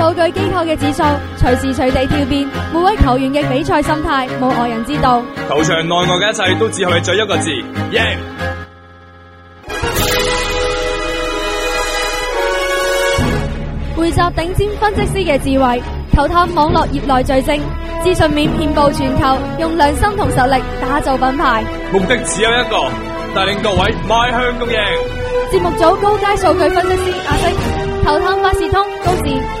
數據機構嘅指數隨時隨地跳變，每位球員嘅比賽心態冇外人知道。球場內外嘅一切都只可以最一個字：贏、yeah!。匯集頂尖分析師嘅智慧，球探網絡業內最精資訊面遍布全球，用良心同實力打造品牌。目的只有一個，帶領各位邁向共贏。節目組高階數據分析師阿星，球探發事通高智。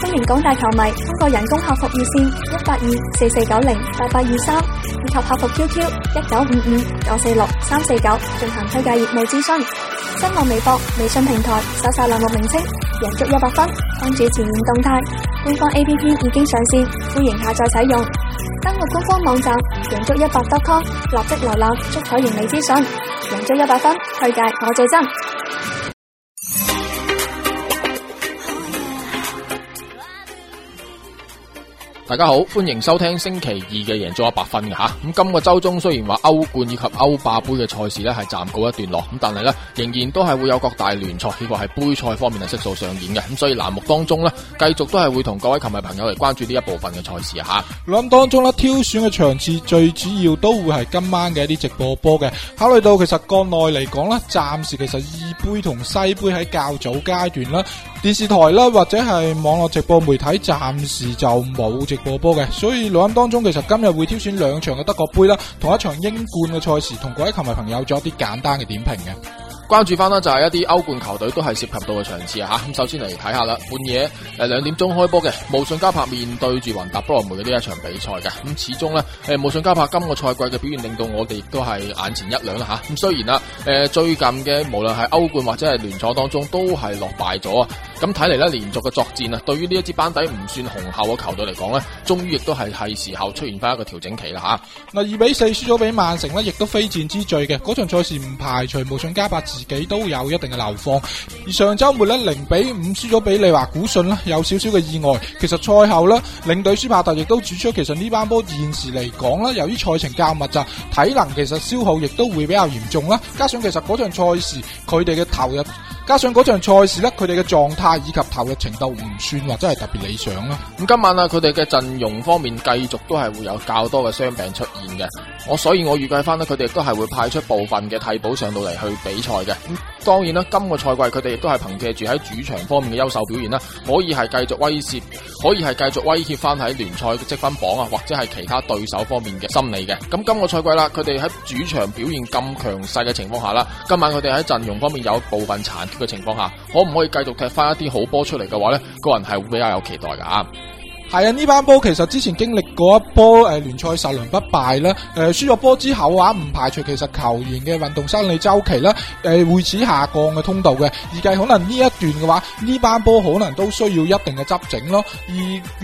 歡迎廣大球迷通過人工客服熱線一八二四四九零八八二三以及客服 QQ 一九五五九四六三四九進行推介業務諮詢。新浪微博、微信平台搜索欄目名稱贏足一百分，關注前沿動態。官方 APP 已經上線，歡迎下載使用。登錄官方網站贏足一百 .com，立即瀏覽足彩完美資訊。贏足一百分，推介我最真。大家好，歡迎收聽星期二嘅贏足一百分嘅吓。咁今個周中雖然話歐冠以及歐霸盃嘅賽事咧係暫告一段落，咁但係咧仍然都係會有各大聯賽，包括係盃賽方面嘅悉數上演嘅。咁、嗯、所以欄目當中咧，繼續都係會同各位球迷朋友嚟關注呢一部分嘅賽事啊吓。咁、嗯、當中咧挑選嘅場次最主要都會係今晚嘅一啲直播波嘅。考慮到其實國內嚟講咧，暫時其實意杯同西杯喺較早階段啦，電視台啦或者係網絡直播媒體暫時就冇直。波波嘅，所以錄音當中其實今日會挑選兩場嘅德國杯啦，同一場英冠嘅賽事，同各位球迷朋友做一啲簡單嘅點評嘅。關注翻啦，就係一啲歐冠球隊都係涉及到嘅場次啊！吓，咁首先嚟睇下啦，半夜誒兩點鐘開波嘅，慕遜加柏面對住雲達不倫梅嘅呢一場比賽嘅。咁、啊、始終呢，誒慕遜加柏今個賽季嘅表現令到我哋都係眼前一亮啦吓。咁、啊啊、雖然啦，誒、呃、最近嘅無論係歐冠或者係聯賽當中都係落敗咗啊。咁睇嚟咧，連續嘅作戰啊，對於呢一支班底唔算雄厚嘅球隊嚟講咧，終於亦都係係時候出現翻一個調整期啦吓。嗱二比四輸咗俾曼城呢，亦都非戰之罪嘅。嗰場賽事唔排除無上加伯自己都有一定嘅流放。而上周末呢，零比五輸咗俾利華古信啦，有少少嘅意外。其實賽後呢，領隊舒帕特亦都指出，其實呢班波現時嚟講咧，由於賽程較密集，體能其實消耗亦都會比較嚴重啦。加上其實嗰場賽事佢哋嘅投入，加上嗰場賽事呢，佢哋嘅狀態。以及投入程度唔算話真係特別理想啦。咁今晚啊，佢哋嘅陣容方面繼續都係會有較多嘅傷病出現嘅。我所以我預計翻咧，佢哋亦都係會派出部分嘅替補上到嚟去比賽嘅。嗯當然啦，今個賽季佢哋亦都係憑借住喺主場方面嘅優秀表現啦，可以係繼續威脅，可以係繼續威脅翻喺聯賽嘅積分榜啊，或者係其他對手方面嘅心理嘅。咁今個賽季啦，佢哋喺主場表現咁強勢嘅情況下啦，今晚佢哋喺陣容方面有部分殘缺嘅情況下，可唔可以繼續踢翻一啲好波出嚟嘅話呢？個人係會比較有期待噶係啊，呢班波其實之前經歷過一波誒、呃、聯賽十輪不敗啦，誒、呃、輸咗波之後嘅話，唔、啊、排除其實球員嘅運動生理周期啦，誒、呃、會此下降嘅通道嘅，而計可能呢一段嘅話，呢班波可能都需要一定嘅執整咯，而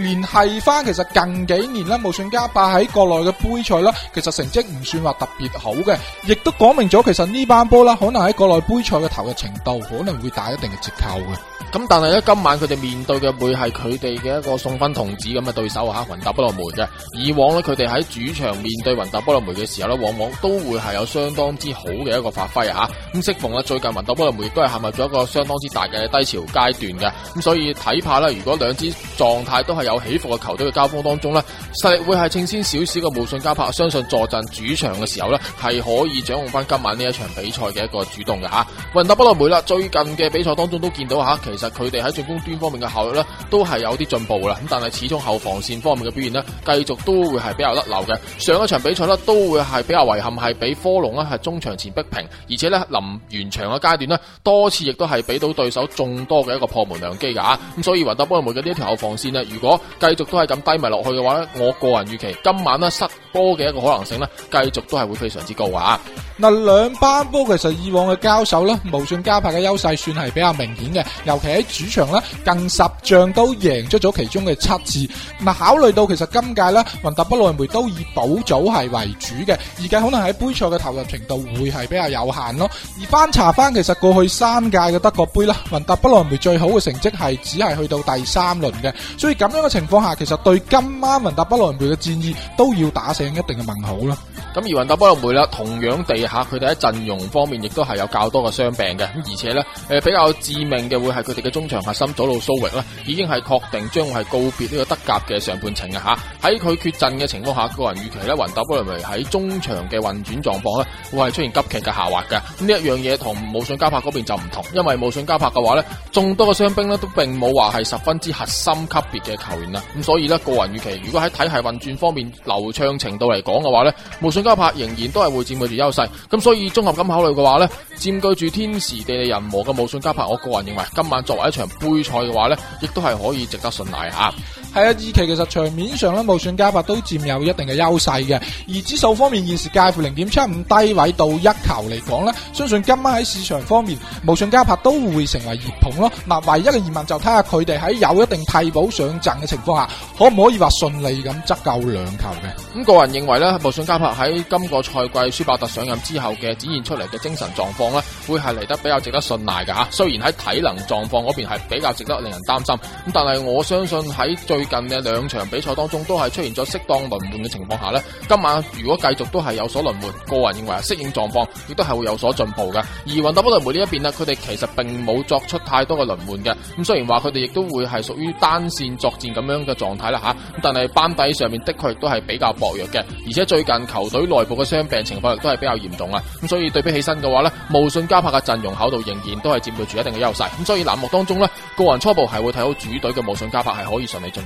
聯繫翻其實近幾年咧，無信加霸喺國內嘅杯賽啦，其實成績唔算話特別好嘅，亦都講明咗其實呢班波啦，可能喺國內杯賽嘅投入程度可能會打一定嘅折扣嘅，咁但係咧今晚佢哋面對嘅會係佢哋嘅一個送分童。只咁嘅對手啊，雲達不列梅嘅以往咧，佢哋喺主場面對雲達不列梅嘅時候咧，往往都會係有相當之好嘅一個發揮啊。咁，適逢咧最近雲達不列梅亦都係陷入咗一個相當之大嘅低潮階段嘅，咁所以睇怕咧，如果兩支狀態都係有起伏嘅球隊嘅交鋒當中咧，實力會係稱先少少嘅無信交拍，相信坐鎮主場嘅時候咧，係可以掌控翻今晚呢一場比賽嘅一個主動嘅啊。雲達不列梅啦，最近嘅比賽當中都見到吓，其實佢哋喺進攻端方面嘅效率咧，都係有啲進步啦。咁但係呢種後防線方面嘅表現呢，繼續都會係比較甩漏嘅。上一場比賽呢，都會係比較遺憾，係俾科隆呢係中場前逼平，而且呢，臨完場嘅階段呢，多次亦都係俾到對手眾多嘅一個破門良機噶吓。咁所以雲達不萊梅嘅呢條後防線呢，如果繼續都係咁低迷落去嘅話呢，我個人預期今晚失波嘅一個可能性呢，繼續都係會非常之高啊。嗱，兩班波其實以往嘅交手呢，慕遜加派嘅優勢算係比較明顯嘅，尤其喺主場呢，近十仗都贏出咗其中嘅七次。嗱，考慮到其實今屆咧，雲達不萊梅都以保組係為主嘅，而家可能喺杯賽嘅投入程度會係比較有限咯。而翻查翻其實過去三屆嘅德國杯啦，雲達不萊梅最好嘅成績係只係去到第三輪嘅，所以咁樣嘅情況下，其實對今晚雲達不萊梅嘅戰意都要打醒一定嘅問號啦。咁而雲達不萊梅啦，同樣地下佢哋喺陣容方面亦都係有較多嘅傷病嘅，而且咧誒、呃、比較致命嘅會係佢哋嘅中場核心左路蘇域啦，已經係確定將會係告別。個德甲嘅上半程啊，吓，喺佢缺陣嘅情況下，個人預期咧，雲達不萊梅喺中場嘅運轉狀況咧，會係出現急劇嘅下滑嘅。咁呢一樣嘢同慕遜加柏嗰邊就唔同，因為慕遜加柏嘅話咧，眾多嘅傷兵咧都並冇話係十分之核心級別嘅球員啦。咁所以咧，個人預期如果喺體系運轉方面流暢程度嚟講嘅話咧，慕遜加柏仍然都係會佔據住優勢。咁所以綜合咁考慮嘅話咧，佔據住天時地利人和嘅慕遜加柏，我個人認為今晚作為一場杯賽嘅話咧，亦都係可以值得信賴吓。係啊，二期、e、其實場面上咧，慕遜加柏都佔有一定嘅優勢嘅。而指數方面，現時介乎零點七五低位到一球嚟講咧，相信今晚喺市場方面，慕遜加柏都會成為熱捧咯。嗱，唯一嘅疑問就睇下佢哋喺有一定替補上陣嘅情況下，可唔可以話順利咁執夠兩球嘅。咁個人認為咧，慕遜加柏喺今個賽季舒伯特上任之後嘅展現出嚟嘅精神狀況咧，會係嚟得比較值得信賴嘅吓。雖然喺體能狀況嗰邊係比較值得令人擔心，咁但係我相信喺最近兩場比賽當中都係出現咗適當輪換嘅情況下呢，今晚如果繼續都係有所輪換，個人認為適應狀況亦都係會有所進步嘅。而雲達不萊梅呢一邊呢，佢哋其實並冇作出太多嘅輪換嘅，咁雖然話佢哋亦都會係屬於單線作戰咁樣嘅狀態啦吓，但係班底上面的確亦都係比較薄弱嘅，而且最近球隊內部嘅傷病情況亦都係比較嚴重啦。咁所以對比起身嘅話呢，慕遜加柏嘅陣容厚度仍然都係佔據住一定嘅優勢，咁所以冷目當中呢，個人初步係會睇到主隊嘅慕遜加柏係可以順利進。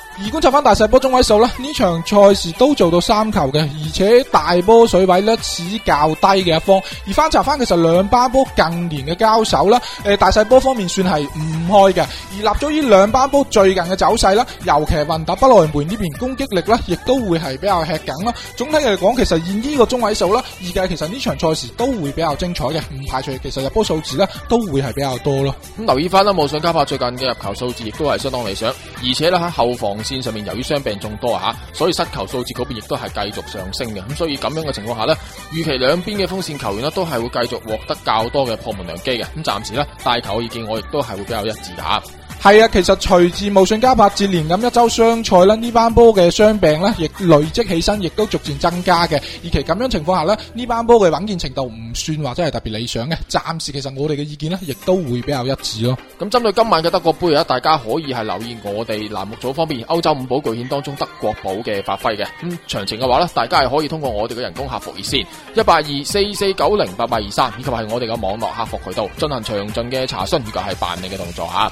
而觀察翻大細波中位數啦，呢場賽事都做到三球嘅，而且大波水位咧似較低嘅一方。而翻查翻其實兩巴波近年嘅交手啦，誒、呃、大細波方面算係唔開嘅。而立咗於兩巴波最近嘅走勢啦，尤其係雲達不來梅呢邊攻擊力咧亦都會係比較吃緊啦。總體嚟講，其實現呢個中位數啦，預計其實呢場賽事都會比較精彩嘅，唔排除其實入波數字咧都會係比較多咯。咁留意翻啦，慕遜加柏最近嘅入球數字亦都係相當理想，而且咧喺後防線上面由於傷病眾多嚇，所以失球數字嗰邊亦都係繼續上升嘅。咁所以咁樣嘅情況下呢，預期兩邊嘅風扇球員呢都係會繼續獲得較多嘅破門良機嘅。咁暫時呢，大球嘅意見我亦都係會比較一致嚇。.係啊，其實隨住無順加八接連咁一周傷賽啦，呢班波嘅傷病咧，亦累積起身，亦都逐漸增加嘅。而其咁樣情況下咧，呢班波嘅穩健程度唔算話真係特別理想嘅。暫時其實我哋嘅意見咧，亦都會比較一致咯。咁針對今晚嘅德國杯，大家可以係留意我哋欄目組方面歐洲五寶巨獻當中德國寶嘅發揮嘅。咁、嗯、詳情嘅話咧，大家係可以通過我哋嘅人工客服熱線一八二四四九零八八二三，23，以及係我哋嘅網絡客服渠道進行詳盡嘅查詢以及係辦理嘅動作啊。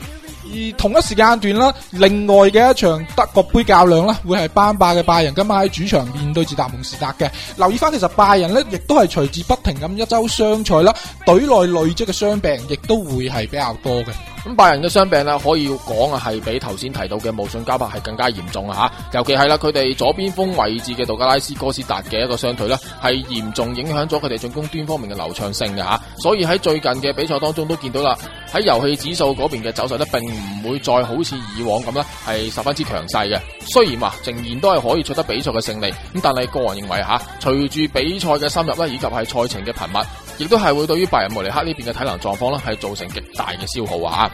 而同一時間段啦，另外嘅一場德國杯較量啦，會係班霸嘅拜仁，今晚喺主場面對住達蒙士達嘅。留意翻，其實拜仁呢亦都係隨住不停咁一周雙賽啦，隊內累積嘅傷病，亦都會係比較多嘅。咁拜仁嘅傷病咧，可以講啊係比頭先提到嘅無信加白係更加嚴重啊吓，尤其係啦，佢哋左邊鋒位置嘅道格拉斯哥斯達嘅一個雙腿咧，係嚴重影響咗佢哋進攻端方面嘅流暢性嘅吓，所以喺最近嘅比賽當中都見到啦，喺遊戲指數嗰邊嘅走勢咧，並唔會再好似以往咁啦，係十分之強勢嘅。雖然啊，仍然都係可以取得比賽嘅勝利，咁但係個人認為吓，隨住比賽嘅深入咧，以及係賽程嘅頻密。亦都係會對於拜仁慕尼黑呢邊嘅體能狀況咧，係造成極大嘅消耗啊！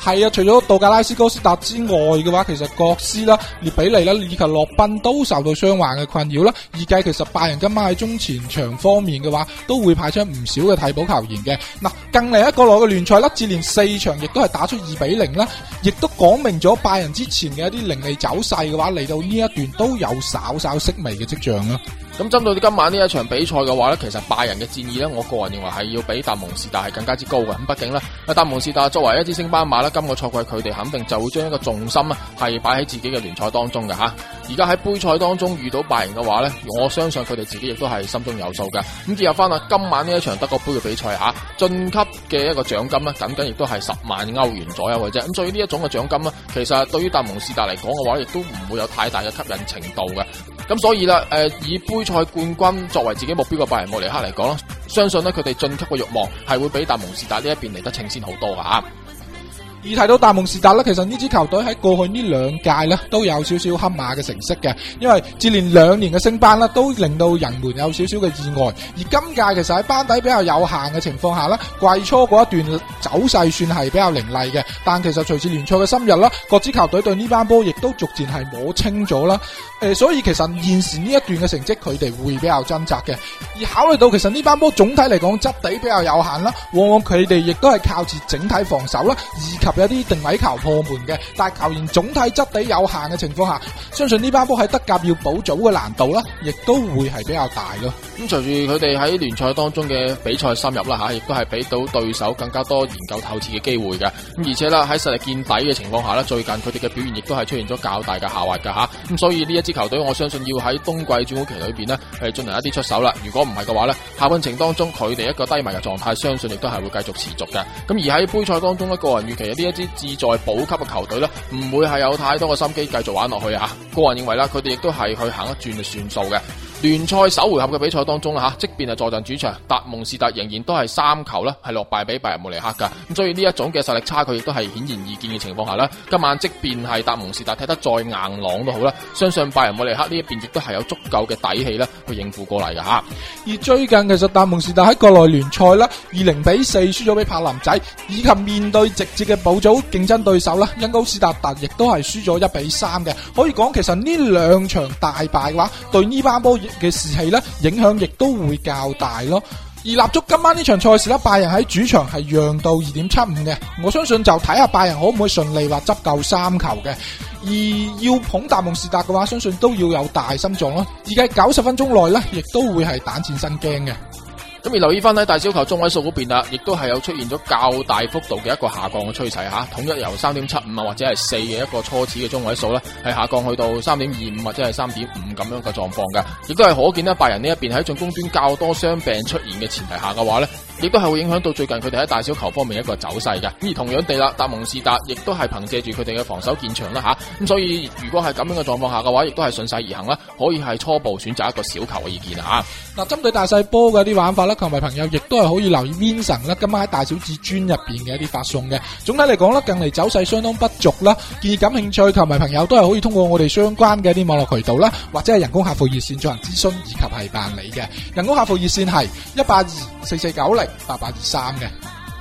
係啊，除咗道格拉斯哥斯達之外嘅話，其實國師啦、列比利啦以及洛賓都受到傷患嘅困擾啦。預計其實拜仁今晚喺中前場方面嘅話，都會派出唔少嘅替補球員嘅。嗱、啊，近嚟一個來嘅聯賽，自連四場亦都係打出二比零啦，亦都講明咗拜仁之前嘅一啲凌厲走勢嘅話，嚟到呢一段都有稍稍息微嘅跡象啦。咁針對今晚呢一場比賽嘅話咧，其實拜仁嘅戰意呢，我個人認為係要比達蒙士達係更加之高嘅。咁畢竟呢，阿達蒙士達作為一支升班馬咧，今個賽季佢哋肯定就會將一個重心啊，係擺喺自己嘅聯賽當中嘅嚇。而家喺杯賽當中遇到拜仁嘅話咧，我相信佢哋自己亦都係心中有數嘅。咁結合翻啊，今晚呢一場德國杯嘅比賽嚇，晉級嘅一個獎金咧，僅僅亦都係十萬歐元左右嘅啫。咁所以呢一種嘅獎金咧，其實對於達蒙士達嚟講嘅話，亦都唔會有太大嘅吸引程度嘅。咁所以啦，誒，以杯賽冠軍作為自己目標嘅拜仁慕尼黑嚟講啦，相信咧佢哋晉級嘅欲望係會比達蒙士達呢一邊嚟得清先好多㗎吓。而睇到大夢時代咧，其實呢支球隊喺過去呢兩屆咧都有少少黑馬嘅成色嘅，因為接連兩年嘅升班啦，都令到人們有少少嘅意外。而今屆其實喺班底比較有限嘅情況下咧，季初嗰一段走勢算係比較凌厲嘅，但其實隨住聯賽嘅深入啦，各支球隊對呢班波亦都逐漸係摸清咗啦。誒，所以其實現時呢一段嘅成績，佢哋會比較掙扎嘅。而考慮到其實呢班波總體嚟講質地比較有限啦，往往佢哋亦都係靠住整體防守啦，以及有啲定位球破門嘅，但係球員總體質地有限嘅情況下，相信呢班波喺德甲要補組嘅難度咧，亦都會係比較大咯。咁隨住佢哋喺聯賽當中嘅比賽深入啦吓，亦都係俾到對手更加多研究透徹嘅機會嘅。咁而且啦喺實力見底嘅情況下咧，最近佢哋嘅表現亦都係出現咗較大嘅下滑嘅吓。咁所以呢一支球隊，我相信要喺冬季轉會期裏邊咧，係進行一啲出手啦。如果唔係嘅話咧，下半程當中佢哋一個低迷嘅狀態，相信亦都係會繼續持續嘅。咁而喺杯賽當中咧，個人預期。呢一支志在保級嘅球隊咧，唔會係有太多嘅心機繼續玩落去啊！個人認為啦，佢哋亦都係去行一轉就算數嘅。聯賽首回合嘅比賽當中啦、啊、吓。邊係坐鎮主場，達蒙士達仍然都係三球啦，係落敗俾拜仁慕尼黑噶。咁所以呢一種嘅實力差距亦都係顯然易見嘅情況下啦。今晚即便係達蒙士達踢得再硬朗都好啦，相信拜仁慕尼黑呢一邊亦都係有足夠嘅底氣啦去應付過嚟噶吓。而最近其實達蒙士達喺國內聯賽啦，二零比四輸咗俾柏林仔，以及面對直接嘅保組競爭對手啦，因高斯達達亦都係輸咗一比三嘅。可以講其實呢兩場大敗嘅話，對呢班波嘅士氣咧影響亦都會。較大咯，而立足今晚呢場賽事咧，拜仁喺主場係讓到二點七五嘅，我相信就睇下拜仁可唔可以順利話執夠三球嘅，而要捧達蒙士達嘅話，相信都要有大心臟咯，而喺九十分鐘內咧，亦都會係膽戰心驚嘅。咁而留意翻喺大小球中位數嗰邊啦，亦都係有出現咗較大幅度嘅一個下降嘅趨勢吓，統一由三點七五啊或者係四嘅一個初始嘅中位數咧，係下降去到三點二五或者係三點五咁樣嘅狀況㗎，亦都係可見呢拜仁呢一邊喺進攻端較多傷病出現嘅前提下嘅話咧。亦都係會影響到最近佢哋喺大小球方面一個走勢嘅，咁而同樣地啦，達蒙士達亦都係憑借住佢哋嘅防守建場啦吓，咁、啊啊、所以如果係咁樣嘅狀況下嘅話，亦都係順勢而行啦，可以係初步選擇一個小球嘅意見啊吓。嗱、啊，針對大細波嘅一啲玩法咧，球迷朋友亦都係可以留意 Winson 啦，今晚喺大小至尊入邊嘅一啲發送嘅。總體嚟講咧，近嚟走勢相當不俗啦，建議感興趣球迷朋友都係可以通過我哋相關嘅一啲網絡渠道啦，或者係人工客服熱線進行諮詢以及係辦理嘅。人工客服熱線係一八二四四九零。八八二三嘅，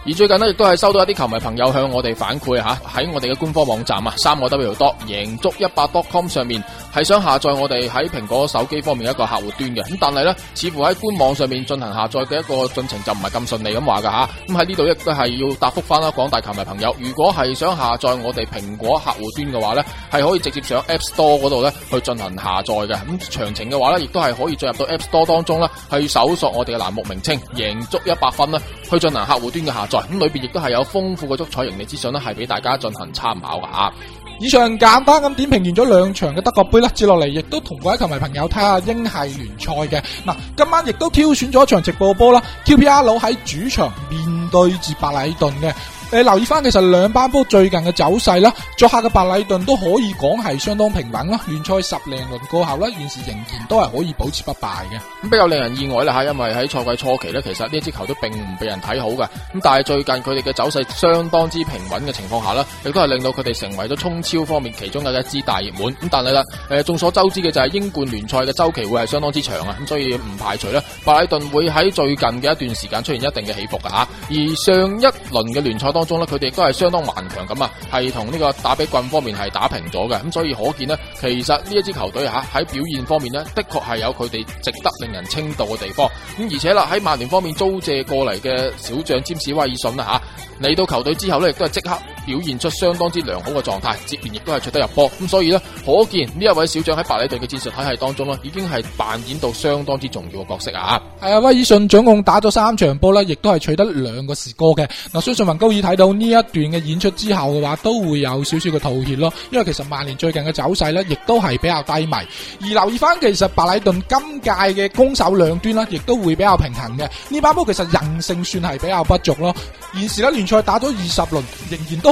而最近咧亦都係收到一啲球迷朋友向我哋反饋吓，喺、啊、我哋嘅官方網站啊，三個 w 多贏足一百 dot com 上面。係想下載我哋喺蘋果手機方面一個客戶端嘅，咁但係呢，似乎喺官網上面進行下載嘅一個進程就唔係咁順利咁話噶吓，咁喺呢度亦都係要答覆翻啦廣大球迷朋友，如果係想下載我哋蘋果客戶端嘅話呢，係可以直接上 App Store 度呢去進行下載嘅，咁詳情嘅話呢，亦都係可以進入到 App Store 當中呢，去搜索我哋嘅欄目名稱“贏足一百分”呢去進行客戶端嘅下載，咁裏邊亦都係有豐富嘅足彩盈利資訊啦，係俾大家進行參考噶。以上簡單咁點評完咗兩場嘅德國杯啦，接落嚟亦都同各位球迷朋友睇下英系聯賽嘅嗱，今晚亦都挑選咗一場直播波啦，QPR 喺主場面對住白禮頓嘅。誒、呃，留意翻其實兩班波最近嘅走勢啦，作客嘅白禮頓都可以講係相當平穩啦。聯賽十零輪過後呢，現時仍然都係可以保持不敗嘅。咁比較令人意外啦吓，因為喺賽季初期呢，其實呢支球隊都並唔俾人睇好嘅。咁但係最近佢哋嘅走勢相當之平穩嘅情況下咧，亦都係令到佢哋成為咗衝超方面其中嘅一支大熱門。咁但係啦，誒、呃、眾所周知嘅就係英冠聯賽嘅週期會係相當之長啊，咁所以唔排除咧，白禮頓會喺最近嘅一段時間出現一定嘅起伏嘅吓。而上一輪嘅聯賽，當中咧，佢哋都係相當頑強咁啊，係同呢個打比郡方面係打平咗嘅，咁所以可見呢，其實呢一支球隊吓喺表現方面呢，的確係有佢哋值得令人稱道嘅地方。咁、嗯、而且啦，喺曼聯方面租借過嚟嘅小將詹士威爾遜啦吓，嚟、啊、到球隊之後呢，亦都係即刻。表現出相當之良好嘅狀態，接連亦都係取得入波，咁所以呢，可見呢一位小將喺白禮頓嘅戰術體系當中咧，已經係扮演到相當之重要嘅角色啊！係啊、哎，威爾遜總共打咗三場波呢亦都係取得兩個士哥嘅。嗱，相信雲高爾睇到呢一段嘅演出之後嘅話，都會有少少嘅吐血咯，因為其實曼聯最近嘅走勢呢，亦都係比較低迷。而留意翻，其實白禮頓今屆嘅攻守兩端呢，亦都會比較平衡嘅。呢把波其實韌性算係比較不俗咯。現時呢，聯賽打咗二十輪，仍然都。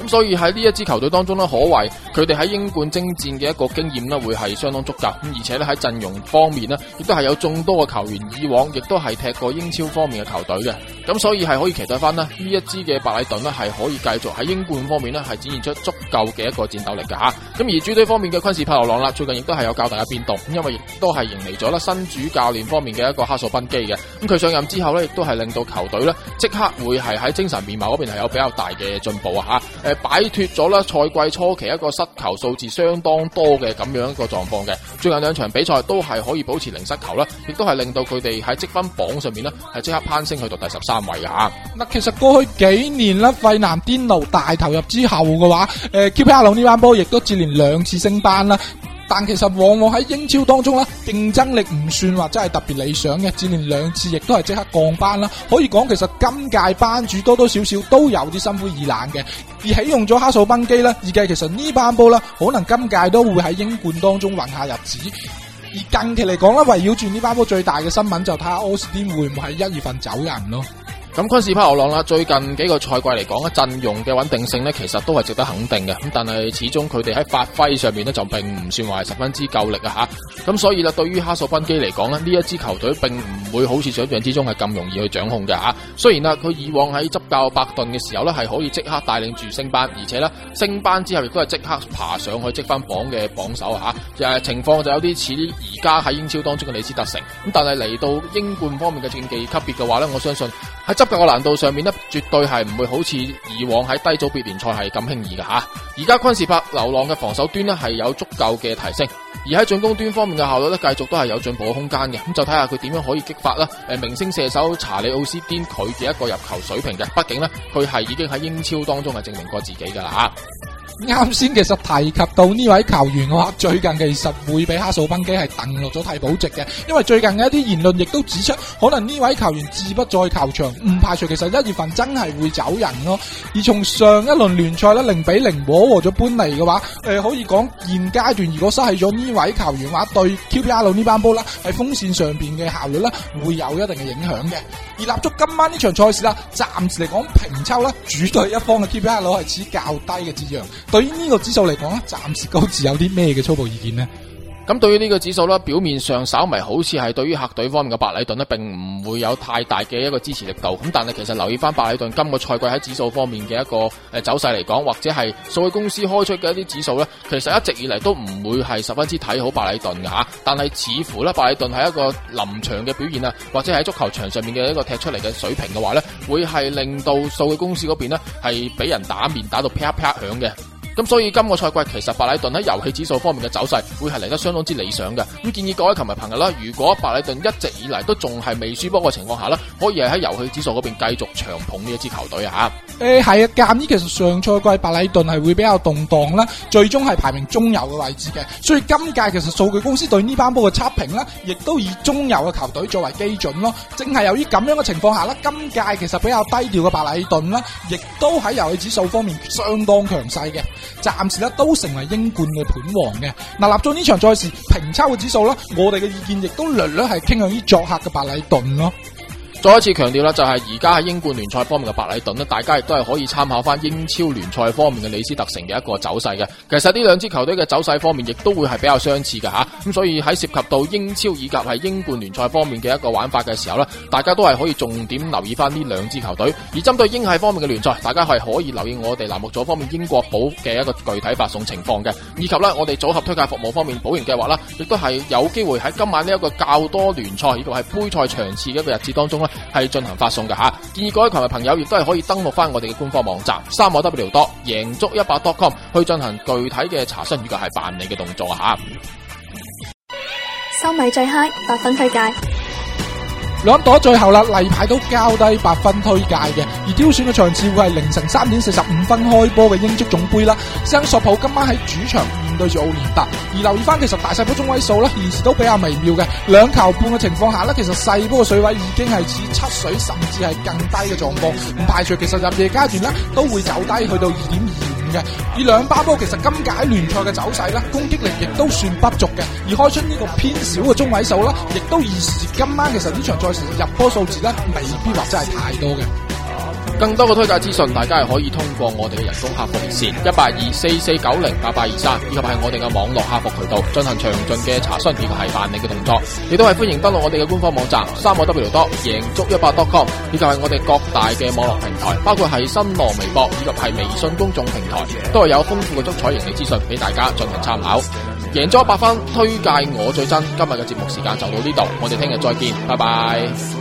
咁所以喺呢一支球隊當中咧，可謂佢哋喺英冠征戰嘅一個經驗咧，會係相當足夠。咁而且咧喺陣容方面咧，亦都係有眾多嘅球員以往亦都係踢過英超方面嘅球隊嘅。咁所以係可以期待翻咧呢這一支嘅白禮頓咧係可以繼續喺英冠方面咧係展現出足夠嘅一個戰鬥力噶吓。咁、啊、而主隊方面嘅昆士柏流浪啦，最近亦都係有較大嘅變動，因為亦都係迎嚟咗啦新主教練方面嘅一個哈素賓基嘅。咁、啊、佢上任之後咧，亦都係令到球隊咧即刻會係喺精神面貌嗰邊係有比較大嘅進步啊吓。係擺脫咗啦，賽季初期一個失球數字相當多嘅咁樣一個狀況嘅，最近兩場比賽都係可以保持零失球啦，亦都係令到佢哋喺積分榜上面呢係即刻攀升去到第十三位啊！嗱，其實過去幾年啦，費南癲奴大投入之後嘅話，誒，QPR 呢班波亦都接連兩次升班啦。但其實往往喺英超當中咧，競爭力唔算話真係特別理想嘅，只連兩次亦都係即刻降班啦。可以講其實今屆班主多多少少都有啲心灰意冷嘅，而啟用咗哈數班機呢，預計其實呢班波咧可能今屆都會喺英冠當中混下日子。而近期嚟講咧，圍繞住呢班波最大嘅新聞就睇下柯士甸會唔會喺一月份走人咯。咁昆士柏流浪啦，最近幾個賽季嚟講咧，陣容嘅穩定性咧，其實都係值得肯定嘅。咁但係始終佢哋喺發揮上面咧，就並唔算話係十分之夠力啊吓。咁所以啦，對於哈索賓基嚟講咧，呢一支球隊並唔會好似想象之中係咁容易去掌控嘅吓、啊。雖然啦，佢以往喺執教伯頓嘅時候咧，係可以即刻帶領住升班，而且咧升班之後亦都係即刻爬上去積分榜嘅榜首吓。誒、啊，情況就有啲似而家喺英超當中嘅李斯特城。咁、啊、但係嚟到英冠方面嘅競技級別嘅話咧，我相信喺。執教個難度上面咧，絕對係唔會好似以往喺低組別聯賽係咁輕易嘅吓。而家昆士柏流浪嘅防守端咧係有足夠嘅提升，而喺進攻端方面嘅效率咧，繼續都係有進步嘅空間嘅。咁就睇下佢點樣可以激發啦，誒，明星射手查理奧斯丁佢嘅一個入球水平嘅。畢竟呢佢係已經喺英超當中係證明過自己噶啦啊。啱先其實提及到呢位球員嘅話，最近其實會畀哈蘇班基係鄧落咗替補席嘅，因為最近嘅一啲言論亦都指出，可能呢位球員志不在球場，唔排除其實一月份真係會走人咯，哦。而從上一輪聯賽咧零比零和和咗搬嚟嘅話，誒、呃、可以講現階段如果失去咗呢位球員話，對 QPR 呢班波啦喺鋒線上邊嘅效率咧會有一定嘅影響嘅。而立足今晚呢場賽事啦，暫時嚟講平抽啦，主隊一方嘅 QPR 係持較低嘅字樣。對於呢個指數嚟講咧，暫時高市有啲咩嘅初步意見呢？咁對於呢個指數咧，表面上稍微好似係對於客隊方面嘅白禮頓呢，並唔會有太大嘅一個支持力度。咁但係其實留意翻白禮頓今個賽季喺指數方面嘅一個誒走勢嚟講，或者係數據公司開出嘅一啲指數咧，其實一直以嚟都唔會係十分之睇好白禮頓嘅吓。但係似乎咧，白禮頓係一個臨場嘅表現啊，或者係足球場上面嘅一個踢出嚟嘅水平嘅話咧，會係令到數據公司嗰邊呢，係俾人打面打到啪啪啪響嘅。咁所以今個賽季其實白禮頓喺遊戲指數方面嘅走勢會係嚟得相當之理想嘅。咁建議各位球迷朋友啦，如果白禮頓一直以嚟都仲係未輸波嘅情況下啦，可以係喺遊戲指數嗰邊繼續長捧呢一支球隊啊！誒、欸，係啊，鑒於其實上賽季白禮頓係會比較動蕩啦，最終係排名中游嘅位置嘅。所以今屆其實數據公司對呢班波嘅測評咧，亦都以中游嘅球隊作為基準咯。正係由於咁樣嘅情況下啦，今屆其實比較低調嘅白禮頓咧，亦都喺遊戲指數方面相當強勢嘅。暫時咧都成為英冠嘅盤王嘅，嗱立咗呢場賽事評測嘅指數啦，我哋嘅意見亦都略略係傾向於作客嘅白禮頓咯。再一次強調啦，就係而家喺英冠聯賽方面嘅白禮頓呢，大家亦都可以參考翻英超聯賽方面嘅李斯特城嘅一個走勢嘅。其實呢兩支球隊嘅走勢方面，亦都會係比較相似嘅吓。咁所以喺涉及到英超以及係英冠聯賽方面嘅一個玩法嘅時候呢，大家都係可以重點留意翻呢兩支球隊。而針對英系方面嘅聯賽，大家係可以留意我哋欄目組方面英國寶嘅一個具體發送情況嘅，以及呢我哋組合推介服務方面保贏計劃啦，亦都係有機會喺今晚呢一個較多聯賽以及係杯賽場次嘅一個日子當中呢，係進行發送嘅吓，建議各位球迷朋友亦都係可以登錄翻我哋嘅官方網站三個 w 多贏足一百 dot com 去進行具體嘅查詢以及係辦理嘅動作啊吓。收米最嗨，百分推介。兩隊最後啦，例牌都交低八分推介嘅，而挑選嘅場次會係凌晨三點四十五分開波嘅英足總杯啦。聖索普今晚喺主場面對住奧連達，而留意翻其實大細波中位數咧，現時都比較微妙嘅，兩球半嘅情況下咧，其實細波嘅水位已經係似七水甚至係更低嘅狀況，唔排除其實入夜階段咧都會走低去到二點二。而兩巴波，其實今屆聯賽嘅走勢咧，攻擊力亦都算不俗嘅，而開出呢個偏少嘅中位數咧，亦都預示今晚其實呢場賽事入波數字咧，未必話真係太多嘅。更多嘅推介資訊，大家係可以通過我哋嘅人工客服熱線一八二四四九零八八二三，23，以及係我哋嘅網絡客服渠道進行詳盡嘅查詢以及係辦理嘅動作。亦都係歡迎登錄我哋嘅官方網站 www 多贏足一百 dotcom，以及係我哋各大嘅網絡平台，包括係新浪微博以及係微信公眾平台，都係有豐富嘅足彩盈利資訊俾大家進行參考。贏足一百分推介我最真，今日嘅節目時間就到呢度，我哋聽日再見，拜拜。